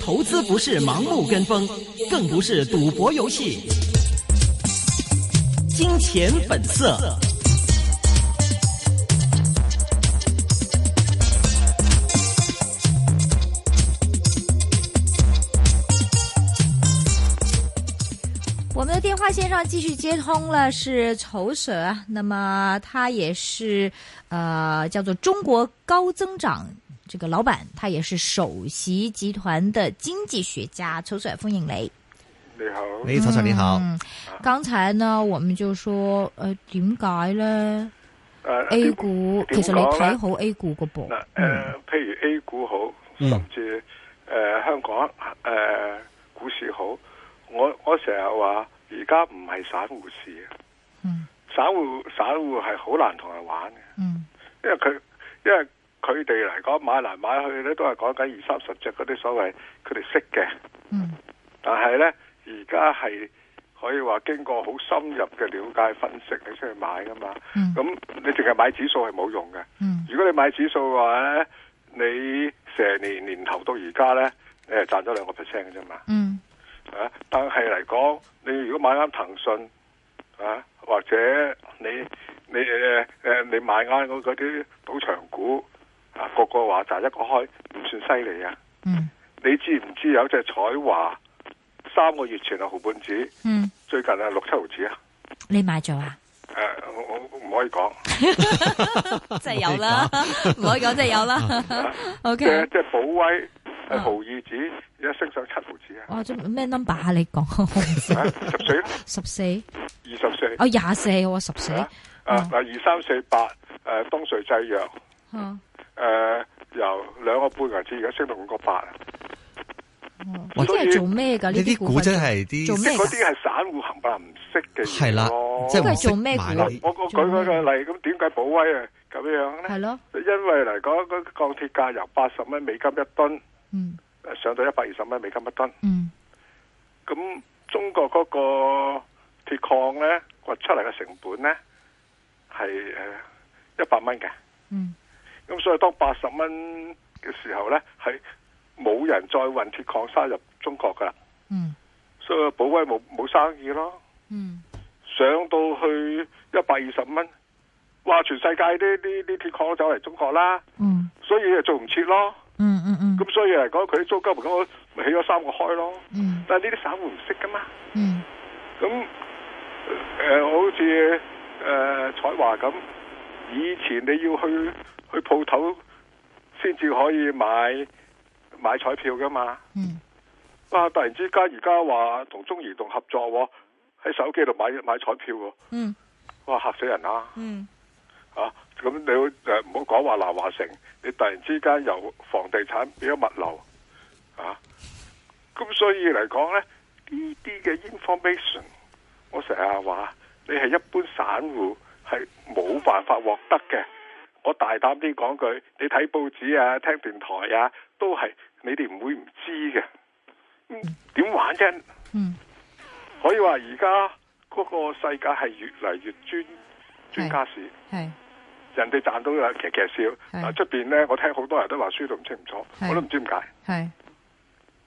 投資不是盲目跟風，更不是賭博遊戲。金錢本色。粉色我們的電話線上繼續接通了，是丑蛇。那麼他也是，呃，叫做中國高增長。這個老闆，他也是首席集團的經濟學家，曹帥，歡迎你。你好，誒、嗯，曹帥你好。剛才呢，我們就說，誒、呃，點解呢？誒，A 股，呃、其實你睇好 A 股嘅噃。誒、呃，譬、呃、如 A 股好，嗯、甚至誒、呃、香港誒、呃、股市好。我我成日話，而家唔係散戶市嘅。嗯、散。散戶散戶係好難同人玩嘅。嗯、因。因為佢，因為。佢哋嚟講，買嚟，買去咧，都係講緊二三十隻嗰啲所謂佢哋識嘅。嗯。但係咧，而家係可以話經過好深入嘅了解分析，你先去買噶嘛。嗯。咁你淨係買指數係冇用嘅。嗯。如果你買指數嘅話咧，你成年年頭到而家咧，你係賺咗兩個 percent 嘅啫嘛。嗯。啊！但係嚟講，你如果買啱騰訊，啊或者你你誒誒，你買啱嗰啲賭場股。啊！個個話賺一個開唔算犀利啊！你知唔知有隻彩華三個月前係毫半子，最近係六七毫子啊！你買咗啊？誒，我我唔可以講，即係有啦，唔可以講，即係有啦，唔可以講，即係有啦。O K，即係寶威係毫二子，而家升上七毫子啊！哇！咩 number 啊？你講十四十四二十四哦，廿四十四。誒，嗱，二三四八誒，東瑞製藥。誒，由兩個半銀子而家升到五個八啊！哦，即係做咩噶呢啲股？即係啲做咩？嗰啲係散戶行埋唔識嘅，係啦，即係唔識買啦。我我舉嗰個例，咁點解保威啊咁樣咧？係咯，因為嚟講，嗰鋼鐵價由八十蚊美金一噸，嗯，誒，上到一百二十蚊美金一噸，嗯，咁中國嗰個鐵礦咧掘出嚟嘅成本咧係誒一百蚊嘅，嗯。咁所以當八十蚊嘅時候咧，係冇人再運鐵礦砂入中國噶啦。嗯，所以寶威冇冇生意咯。嗯，上到去一百二十蚊，哇！全世界啲啲啲鐵礦走嚟中國啦。嗯，所以就做唔切咯。嗯嗯嗯。咁、嗯、所以嚟講，佢啲租金咪起咗三個開咯。嗯。但係呢啲散戶唔識噶嘛。嗯。咁，誒、呃，好似誒、呃、彩華咁，以前你要去。去鋪頭先至可以買買彩票㗎嘛？嗯，啊突然之間而家話同中移動合作喺、哦、手機度買買彩票喎、哦，嗯，哇！嚇死人啦，嗯，啊咁你誒，唔好講話南華城，你突然之間由房地產變咗物流，啊，咁所以嚟講咧，呢啲嘅 information，我成日話你係一般散戶係冇辦法獲得嘅。我大膽啲講句，你睇報紙啊、聽電台啊，都係你哋唔會唔知嘅。點玩啫？嗯，可以話而家嗰個世界係越嚟越專專家事。係人哋賺到嘅其實笑是但出邊咧，我聽好多人都話輸是都唔清唔楚，我都唔知點解。係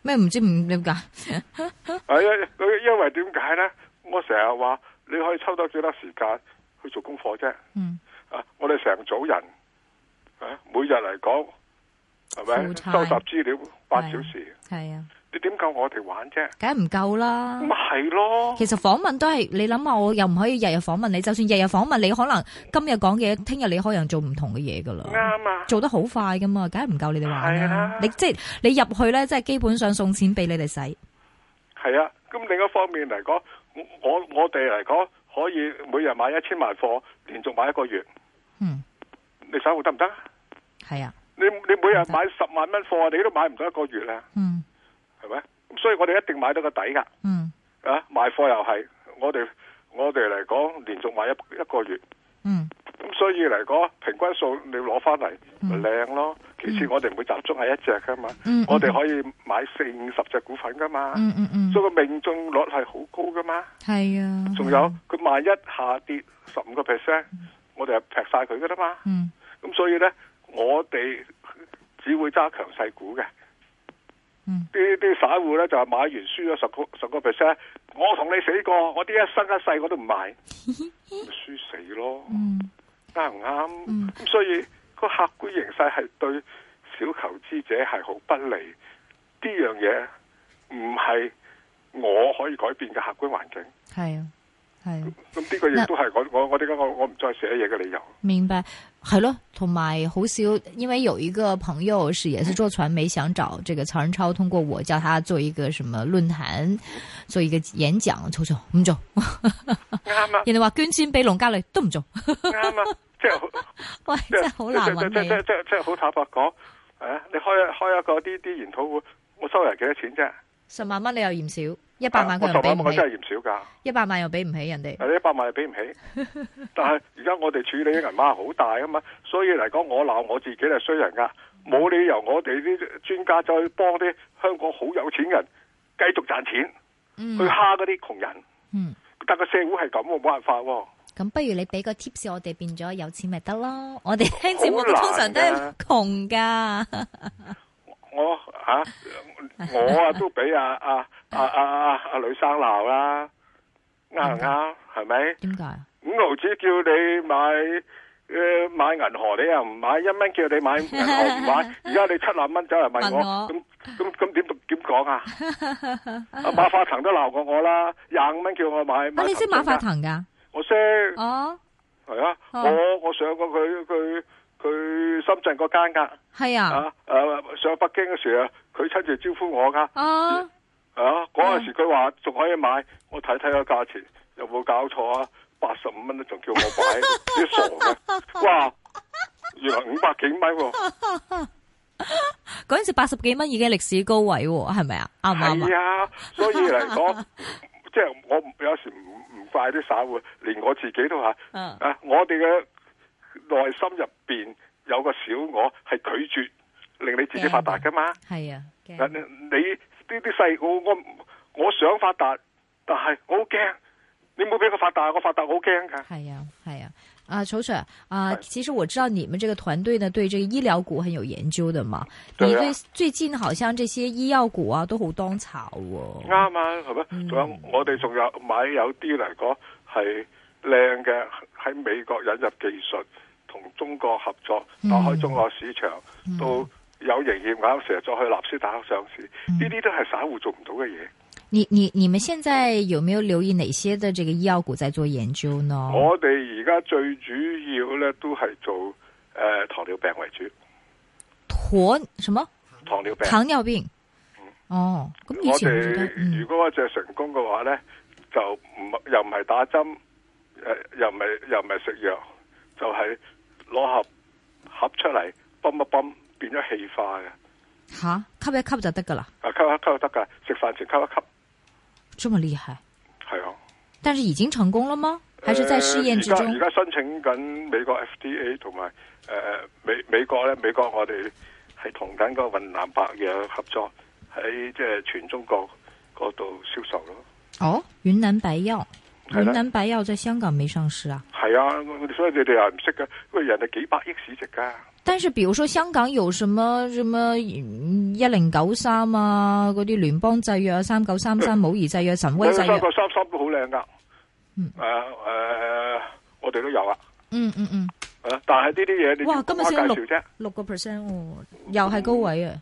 咩唔知唔點解？係因因為點解咧？我成日話你可以抽多幾多時間去做功課啫。嗯。啊、我哋成組人、啊、每日嚟講係咪？是猜收集資料八小時，係啊！你點夠我哋玩啫？梗係唔夠啦！咪係咯？其實訪問都係你諗下，我又唔可以日日訪問你。就算日日訪問你，可能今日講嘢，聽日你可能做唔同嘅嘢噶啦。啱啊！做得好快噶嘛，梗係唔夠你哋玩。係啊，你即係你入去咧，即係基本上送錢俾你哋使。係啊，咁另一方面嚟講，我我我哋嚟講。可以每日買一千萬貨，連續買一個月。嗯，你散戶得唔得？係啊，你你每日買十萬蚊貨，你都買唔到一個月啊。嗯，係咪？所以我哋一定買到個底噶。嗯，啊，賣貨又係，我哋我哋嚟講，連續買一一個月。嗯，咁所以嚟講，平均數你攞翻嚟，咪靚咯。其次，我哋唔會集中系一隻噶嘛，我哋可以買四五十隻股份噶嘛，所以個命中率係好高噶嘛。係啊，仲有佢萬一下跌十五個 percent，我哋係劈晒佢噶啦嘛。咁所以咧，我哋只會揸強勢股嘅。啲啲散戶咧就係買完輸咗十個十個 percent，我同你死過，我啲一生一世我都唔賣，輸死咯。啱唔啱？咁所以。個客觀形勢係對小投資者係好不利，呢樣嘢唔係我可以改變嘅客觀環境。係啊，係啊。咁呢個亦都係我那我我點解我我唔再寫嘢嘅理由。明白，係咯，同埋好少，因為有一個朋友是也是做傳媒，想找這個曹仁超，通過我叫他做一個什麼論壇，做一個演講，做做，唔、 啊、做。啱 啊！人哋話捐錢俾龍嘉麗都唔做。啱啊！ 即係是好，即係好難搵即係即係即係好坦白講，誒、哎，你開一開一個啲啲研討會，我收人幾多錢啫？十萬蚊你又嫌少，一百萬佢又俾唔起。啊、我，我真係嫌少噶，一百萬又俾唔起人哋。一百萬又俾唔起， 但係而家我哋處理嘅銀碼好大啊嘛，所以嚟講，我鬧我自己係衰人噶，冇理由我哋啲專家再幫啲香港好有錢人繼續賺錢，去蝦嗰啲窮人。嗯。但個社會係咁，我冇辦法、啊。咁不如你俾個，個 tips，我哋變咗有錢咪得咯？我哋聽節目都通常都係窮噶。我吓、啊、我啊我都俾啊，啊，啊，啊，阿女生鬧啦，啱唔啱？係咪何？點解？五毫子叫你買誒、呃、買銀河，你又唔買，一蚊叫你買銀河唔買？而家 你七萬蚊走嚟問我咁咁咁點點講啊？馬化騰都鬧過我啦，廿五蚊叫我買。買啊、你識馬化騰噶？我識哦，係啊，啊，我我上過佢佢佢深圳嗰間噶。係啊，啊誒上北京嘅時候親召召啊，佢親自招呼我噶，啊，啊嗰陣時佢話仲可以買，我睇睇個價錢有冇搞錯啊，八十五蚊都仲叫我買，啲 傻嘅，哇，原來五百幾蚊喎，嗰陣 時八十幾蚊已經歷史高位喎，係咪啊？啱唔啱啊？係啊，所以嚟講。 即係我有時唔唔快啲手啊，連我自己都吓，嗯、啊！我哋嘅內心入邊有個小我係拒絕令你自己發達噶嘛，係啊，啊。你呢啲細我我我想發達，但係我好驚。你冇俾佢發達，我發達我好驚噶。係啊，係啊。啊，Sir，啊，曹啊是其實我知道你們這個團隊呢，對這個醫療股很有研究的嘛。對啊，你對最近好像這些醫藥股啊，都好當炒喎，哦。啱啊，係咪？仲、嗯、有我哋仲有買有啲嚟講係靚嘅，喺美國引入技術，同中國合作，打開中國市場，嗯、到有營業額成日再去納斯達克上市，呢啲、嗯、都係散戶做唔到嘅嘢。你你你們現在有沒有留意哪些的這個醫藥股在做研究呢？我哋而家最主要咧都係做誒、呃、糖尿病為主。糖什麼？糖尿病。糖尿病。嗯、哦，咁以前如果我做成功嘅話咧，就唔又唔係打針，誒、呃、又唔係又唔係食藥，就係、是、攞盒盒出嚟泵一泵，變咗氣化嘅。吓，吸一吸就得噶啦？啊，吸一吸就得噶，食飯前吸一吸。這麼厲害，係啊！但是已經成功了嗎？還是在試驗之中？而家、呃、而家申請緊美國 FDA 同埋誒、呃、美美國咧，美國我哋係同緊個雲南白藥合作喺即係全中國度銷售咯。哦，雲南白藥。雲南白藥在香港未上市啊？係啊，我我所以你哋又唔識噶，因為人哋幾百億市值噶。但是，比如說香港有什麼什麼一零九三啊，嗰啲聯邦製藥、三九三三、武夷製藥、神威製藥，三九三三都好靚噶。嗯，誒誒，我哋都有啊。嗯嗯嗯。係但係呢啲嘢，哇，今日升啫。六個 percent 喎，又係高位啊！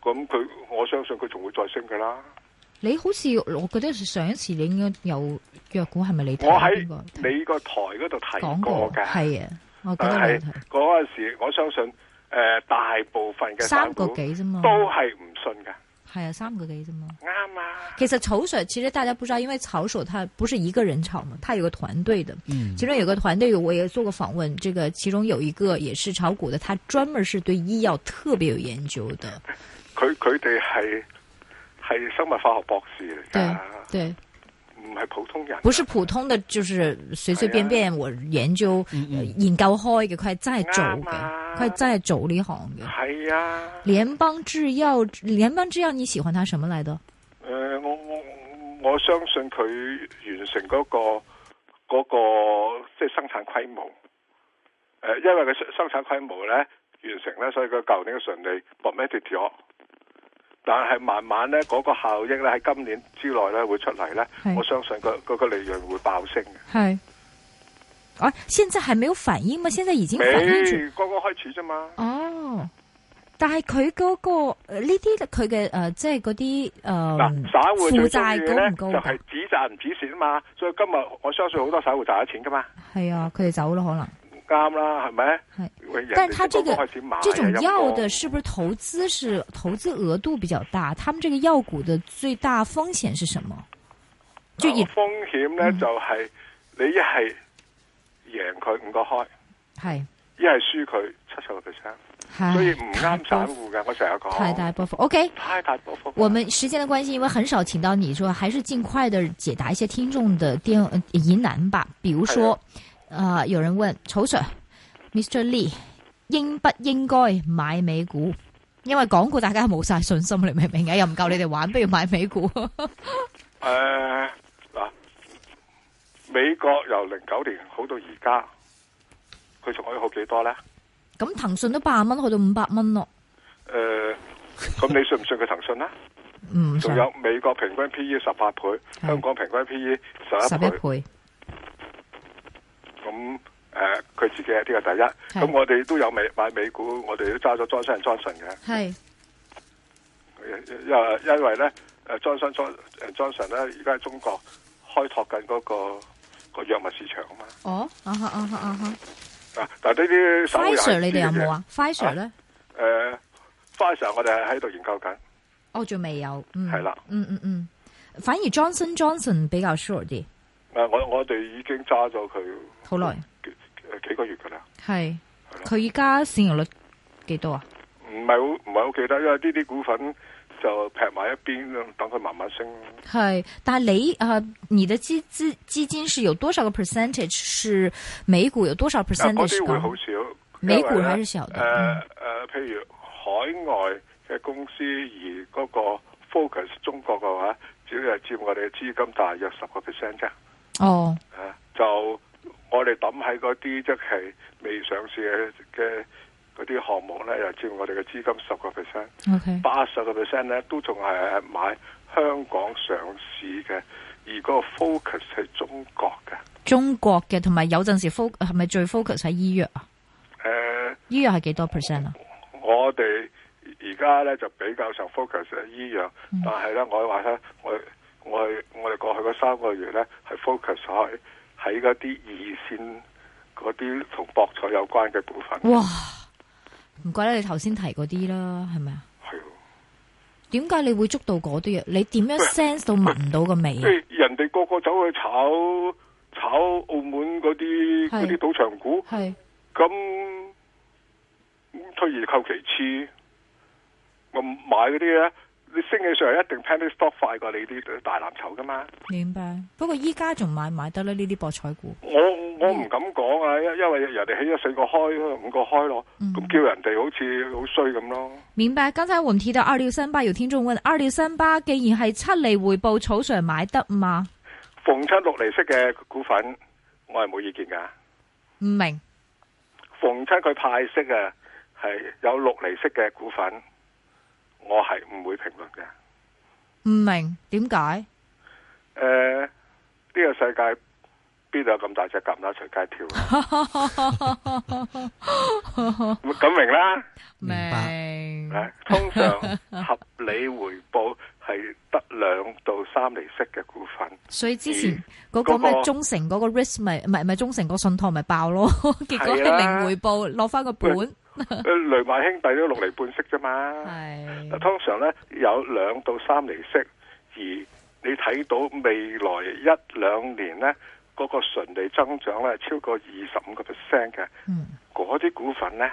咁佢，我相信佢仲會再升噶啦。你好似，我覺得上一次你應該有藥股係咪你？我喺你個台嗰度提過嘅。係啊，我記得你嗰陣時，我相信誒、呃，大部分嘅散三,三個幾啫嘛，都係唔信嘅。係啊，三個幾啫嘛。啱啊。其實曹 Sir，其實大家不知道，因為曹 Sir，他不是一個人炒嘛，他有個團隊的。嗯、其中有一個團隊，我也做過訪問。這個其中有一個也是炒股的，他專門是對醫藥特別有研究的。佢佢哋係。他係生物化學博士嚟嘅，對唔係普通人的，不是普通的，就是隨隨便便我研究引、啊、開開嘅，佢係真係做嘅，對啊、佢係真係做呢行嘅。係啊，聯邦製藥，聯邦製藥，你喜歡他什麼來的？的誒、呃，我我我相信佢完成嗰、那個嗰、那個即係生產規模。誒、呃，因為佢生產規模咧完成咧，所以佢舊年嘅順利，博咩但係慢慢咧，嗰、嗰個效益咧喺今年之內咧會出嚟咧，係。我相信佢個個利潤會爆升嘅。係，啊，現在係沒有反應嘛？現在已經反應住，剛剛、嗰個、開始啫嘛。哦，但係佢嗰個呢啲佢嘅誒，即係嗰啲誒，散戶負債高唔高？就係、是呃啊、只賺唔止蝕啊嘛，所以今日我相信好多散戶賺咗錢噶嘛。係啊，佢哋走咯，可能。啱啦，係咪？係，但他這個這種藥的是不是投資是投資額度比較大？他們這個藥股的最大風險是什麼？最大、啊、也風險咧、嗯、就係你一係贏佢五個開，係一係輸佢七十個 percent，、啊、所以唔啱散戶嘅。不我成日講太大波幅，OK？太大波幅。我們時間的關係，因為很少請到你說，說還是盡快的解答一些聽眾的疑難吧，比如說。啊！Uh, 有人問，曹 sir，Mr. Lee 應不應該買美股？因為港股大家冇晒信心，你明唔明啊？又唔夠你哋玩， 不如買美股。誒，嗱，美國由零九年好到而家，佢仲可以好幾多咧？咁騰訊都八十蚊去到五百蚊咯。誒，咁你信唔信佢騰訊呢？唔仲 有美國平均 P E 十八倍，是香港平均 P E 十一倍。咁誒，佢自己係呢個第一。咁是、嗯、我哋都有美買美股，我哋都揸咗 Johnson Johnson 嘅。係是，因因為咧，誒 Johnson Johnson 咧，而家喺中國開拓緊嗰個、那個藥物市場啊嘛。哦、oh, uh，啊哈啊哈啊哈。Huh, uh huh. 啊，但有有呢啲、啊呃、Fisher 你哋有冇啊？Fisher 咧？誒，Fisher 我哋係喺度研究緊。哦，仲未有。係、嗯、啦。嗯嗯嗯，反而 Johnson Johnson 比較 sure 啲。誒、嗯，我我哋已經揸咗佢。好耐，誒，幾個月噶啦。係是，佢依家市盈率幾多啊？唔係好，唔係好記得，因為呢啲股份就劈埋一邊，等佢慢慢升。係，但你啊、呃，你嘅資資基金是有多少個 percentage 是美股？有多少 percentage？嗰啲、啊、會好少，美股還是少？誒、嗯、誒、呃呃，譬如海外嘅公司，而嗰個 focus 中國嘅話，主要係佔我哋嘅資金大約十個 percent 啫。哦，呃、就。我哋抌喺嗰啲即係未上市嘅嘅嗰啲項目咧，又佔我哋嘅資金十個 percent，Okay，八十個 percent 咧都仲係買香港上市嘅，而個 focus 係中國嘅。中國嘅同埋有陣時 focus 係咪最 focus 喺醫藥啊？誒、呃，醫藥係幾多 percent 啊？我哋而家咧就比較上 focus 喺醫藥，嗯、但係咧我話咧，我說說我我哋過去嗰三個月咧係 focus 喺。睇嗰啲二線嗰啲同博彩有關嘅部分，哇！唔怪得你頭先提嗰啲啦，係咪啊？係。點解你會捉到嗰啲嘢？你點樣 sense 到聞到個味啊？即係、哎哎、人哋個個走去炒炒澳門嗰啲嗰啲賭場股，係咁推而求其次，我買嗰啲咧。你升起上嚟一定 panic stop 快過你啲大藍籌噶嘛？明白，不過依家仲買唔買得啦呢啲博彩股。我我唔敢講啊，因因為人哋起咗四個開五個開咯，咁叫人哋好似好衰咁咯。明白。剛才我哋提到二六三八，有聽眾問：二六三八既然係七厘回報，曹 Sir 買得嘛，逢七六厘息嘅股份，我係冇意見噶。唔明？逢七佢派息啊，係有六厘息嘅股份。我係唔會評論嘅。唔明點解？誒，呢個世界邊度有咁大隻蛤乸隨街跳啊？咁明啦，明。通常合理回報係得兩到三厘息嘅股份。所以之前嗰個咩中誠嗰個 risk 咪，唔係，咪中誠個信託咪爆咯？結果係零回報，攞翻個本。 雷曼兄弟都六厘半息啫嘛，是通常呢有兩到三厘息，而你睇到未來一兩年呢，嗰、那個純利增長呢超過二十五個 percent 嘅，嗰啲、嗯、股份呢，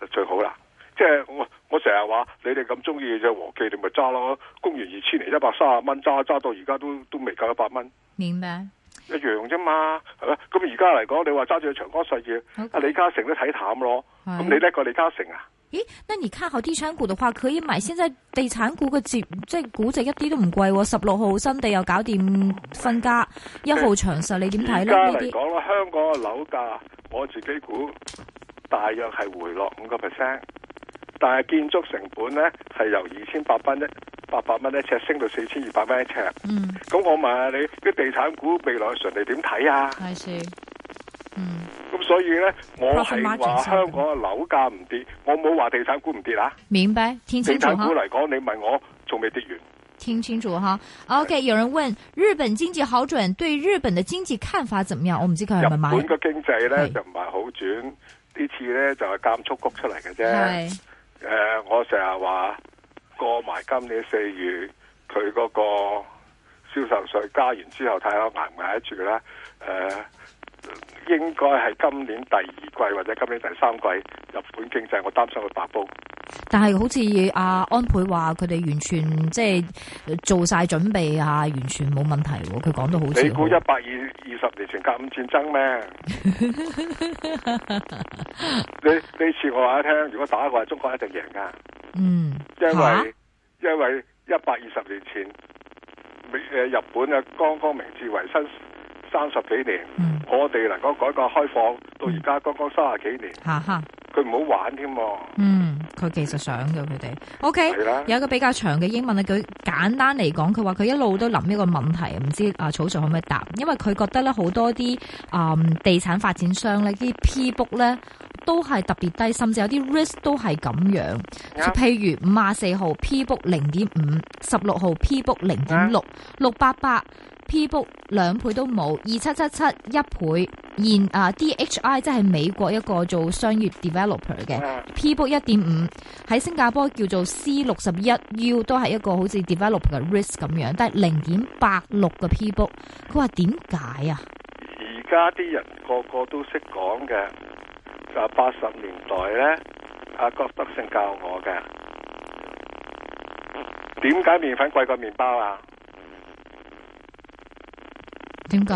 就最好啦。即係我我成日話你哋咁中意嘅隻和記，你咪揸咯。公元二千年一百三十蚊，揸揸到而家都都未夠一百蚊。明白。一樣啫嘛，係咪？咁而家嚟講，你話揸住長江實業，阿 Okay. 李嘉誠都睇淡咯。咁是你叻過李嘉誠啊？誒，那你看好地產股嘅話，佢以係先即係地產股嘅值，即係估值一啲都唔貴。十六號新地又搞掂分家，一號長實你點睇呢？而家嚟講啦，香港嘅樓價，我自己估大約係回落五個 percent。但係建築成本咧，係由二千八蚊一八百蚊一尺升到四千二百蚊一尺。一尺嗯。咁我問下你，啲地產股未來純利點睇啊？係先。嗯。咁所以咧，我係話香港嘅樓價唔跌，我冇話地產股唔跌啊。明白，聽清楚。地產股嚟講，你問我仲未跌完。聽清楚哈。OK，是有人問日本經濟好轉對日本嘅經濟看法怎麼樣？我唔知佢係咪買。日本嘅經濟咧是就唔係好轉，次呢次咧就係監察局出嚟嘅啫。係。呃、我成日話過埋今年四月，佢嗰個銷售稅加完之後，睇下捱唔捱得住咧？誒、呃。應該係今年第二季或者今年第三季，日本經濟我擔心佢爆煲。但係好似阿安倍話，佢哋完全即係做晒準備啊，完全冇問題。佢講得好似，你估一百二二十年前甲午戰爭咩 你你似我話聽，如果打嘅話，中國一定贏噶。嗯，因為、啊、因為一百二十年前，誒，日本嘅剛剛明治維新三十幾年。嗯我哋能夠改革開放到而家剛剛三十幾年，吓吓哈，佢唔好玩添、啊。嗯，佢其實想嘅佢哋。O、okay, K，的有一個比較長嘅英文咧，佢簡單嚟講，佢話佢一路都諗一個問題，唔知啊曹生可唔可以答？因為佢覺得咧好多啲啊地產發展商呢啲 P book 咧都係特別低，甚至有啲 risk 都係咁樣。譬的如五十四號 P book 零點五，十六號 P book 零點六，六八八。P book 兩倍都冇，二七七七一倍現啊，uh，DHI 即係美國一個做商業 developer 嘅 Yeah.，P book 一點五喺新加坡叫做 C 六十一 U 都係一個好似 developer 嘅 risk 咁樣，但係零點八六嘅 P book，佢話點解啊？而家啲人個個都識講嘅，啊八十年代咧，阿郭德勝教我嘅，點解麵粉貴過麵包啊？點解？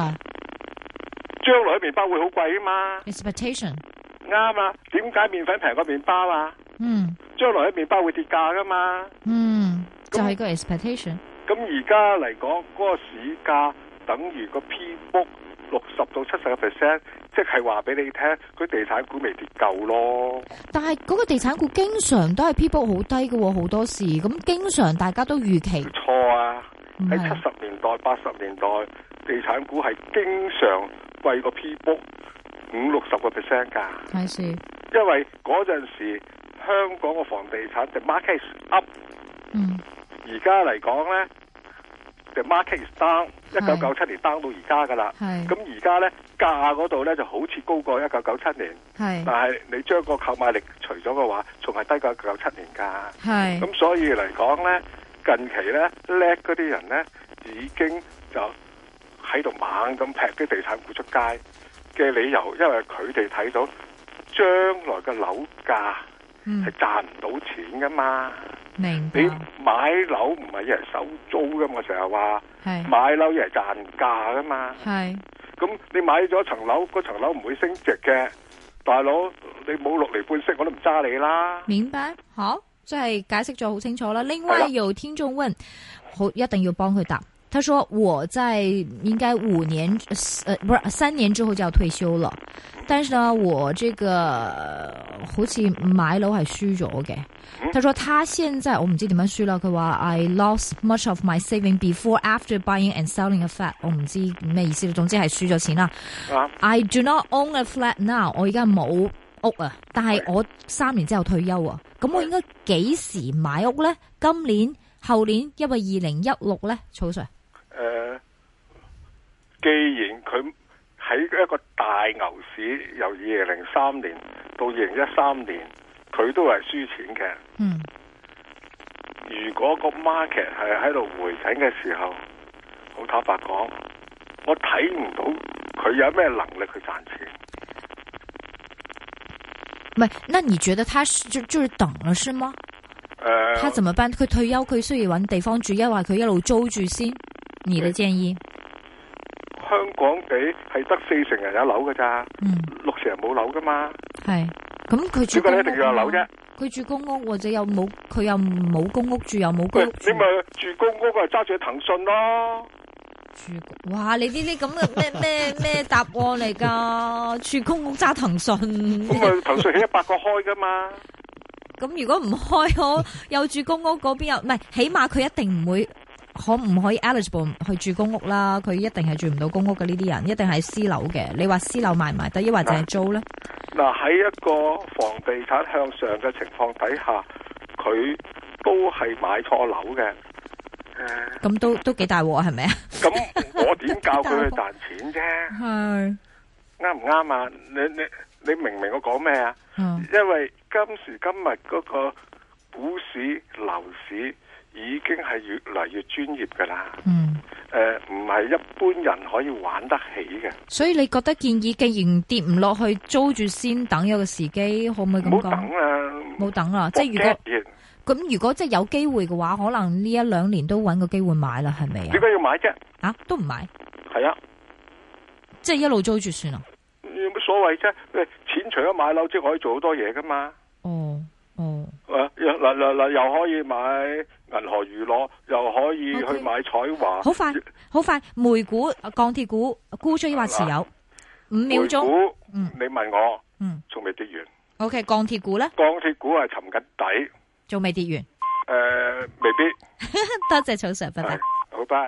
將來嘅麵包會好貴啊嘛！Expectation，啱啊，點解麵粉平過麵包啊？嗯，將來嘅麵包會跌價噶嘛？嗯，就係個 expectation。咁而家嚟講，嗰個市價等於個 P book 六十到七十 percent，即係話俾你聽，佢地產股未跌夠咯。但係嗰個地產股經常都係 P book 好低嘅，好多時咁，經常大家都預期錯啊！喺七十年代、八十年代。地產股係經常貴個 P book 五六十個 percent 噶，係，因為嗰陣時香港個房地產就 market up，嗯，而家嚟講咧，就 market down，一九九七年 down 到而家噶啦，係，咁而家咧價嗰度咧就好似高過一九九七年，係是，但係你將個購買力除咗嘅話，仲係低過九七年價，係是，咁所以嚟講咧，近期咧叻嗰啲人咧已經就。喺度猛咁劈啲地產股出街嘅理由，因為佢哋睇到將來嘅樓價係賺唔到錢噶嘛明白。你買樓唔係一係收租噶嘛，成日話買樓一係賺價噶嘛係。咁你買咗層樓，嗰層樓唔會升值嘅，大佬你冇六厘半息，我都唔揸你啦。明白，好，即係解釋咗好清楚啦。另外有聽眾問，好，一定要幫佢答。他說我在應該五年，不、呃、是三年之後就要退休了，但是呢，我這個好似買樓係輸咗嘅。嗯、他說他現在我唔知點樣輸啦，佢話 I lost much of my saving before after buying and selling a flat。我唔知咩意思，總之係輸咗錢啦。哇 I do not own a flat now。我而家冇屋啊，但係我三年之後退休啊，咁我應該幾時買屋咧？今年、後年，因為二零一六咧，曹 sir。誒、呃，既然佢喺一個大牛市，由二零零三年到二零一三年，佢都係輸錢嘅。嗯，如果個 market 係喺度回穩嘅時候，好坦白講，我睇唔到佢有咩能力去賺錢。唔係、嗯，嗯、那你覺得佢是就就是等了是嗎？誒、呃，佢怎麼辦？佢退休，佢需要揾地方住，抑或佢一路租住先？你的建議、嗯，香港地係得四成人有樓噶咋，嗯、六成人冇樓噶嘛。係，咁佢住公屋樓啫。佢住公屋，住公屋或者又冇佢又冇公屋住又冇公屋。你咪住公屋係揸住騰訊咯。住，哇！你呢啲咁嘅咩咩咩答案嚟噶？ 住公屋揸騰訊。咁咪騰訊一百個開噶嘛？咁如果唔開，我又住公屋嗰邊又唔係，起碼佢一定唔會。可唔可以 eligible 去住公屋啦？佢一定係住唔到公屋嘅，呢啲人，一定係私樓嘅。你話私樓賣唔賣得，抑或淨係租呢？嗱，喺一個房地產向上嘅情況底下，佢都係買錯樓嘅。誒，咁都都幾大鑊，係咪啊？咁我點教佢去賺錢啫？係，啱唔啱啊？你你你明唔明我講咩啊？因為今時今日嗰個股市樓市。已經係越嚟越專業噶啦，嗯，誒、呃，唔係一般人可以玩得起嘅。所以你覺得建議，既然跌唔落去，租住先，等一個時機，可唔可以咁講？冇等啦，冇等啦，不即係如果咁，怕如果即係有機會嘅話，可能呢一兩年都揾個機會買啦，係咪啊？點解要買啫？啊，都唔買？係啊，即係一路租住算啦。有乜所謂啫？誒，錢除咗買樓之外，可以做好多嘢噶嘛？哦。哦，啊、嗯，嗱嗱嗱，又可以買銀河娛樂，又可以去買彩華，好 Okay. 快好快，煤股、啊，鋼鐵股、沽出或持有，了五秒鐘，嗯，你問我，嗯，仲未跌完，O、okay, K，鋼鐵股咧，鋼鐵股係沉緊底，仲未跌完，誒、呃，未必， 多謝曹 Sir，分享，好拜。